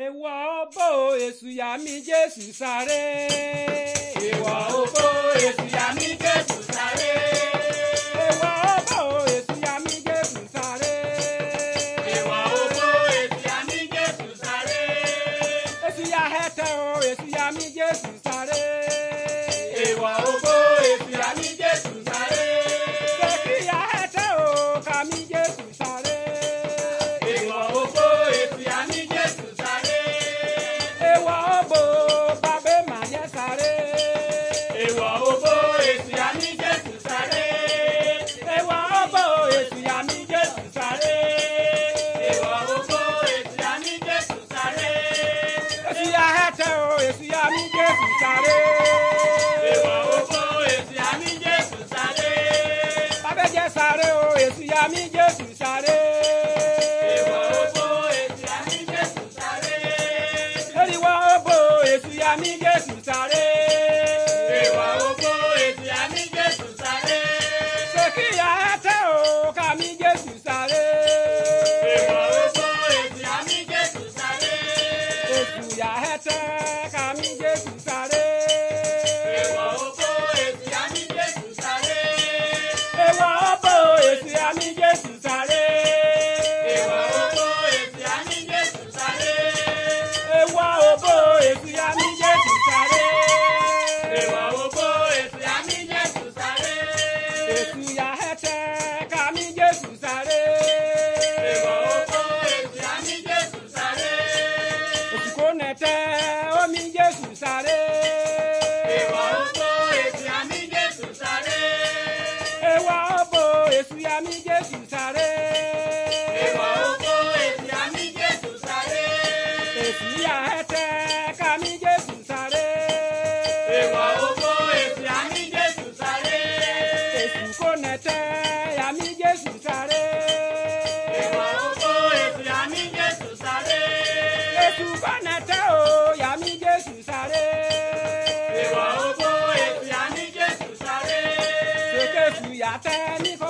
Èwọ̀ òbó èṣù yà mí Jésù sáré. Èwọ̀ òbó èṣù yà mí Jésù sáré. Èwọ̀ òbó èṣù yà mí Jésù sáré. Èwọ̀ òbó èṣù yà mí Jésù o èṣù yà mí Jésù sáré. mi Jésù sáré. oníjẹ̀bù sáré. nẹ̀tẹ́ omi Jésù sáré. Ìwà ó bo èsù àmì Jésù sáré. Ìwà ó bo èsù àmì Jésù sáré. Ìwà ó bo èsù àmì Jésù sáré. Èsù yà ẹ̀tẹ́ kàmí Jésù sáré. Ìwà ó bo àmì Jésù sáré. Èsù kò nẹ̀tẹ́ àmì Jésù sáré. ìyá that?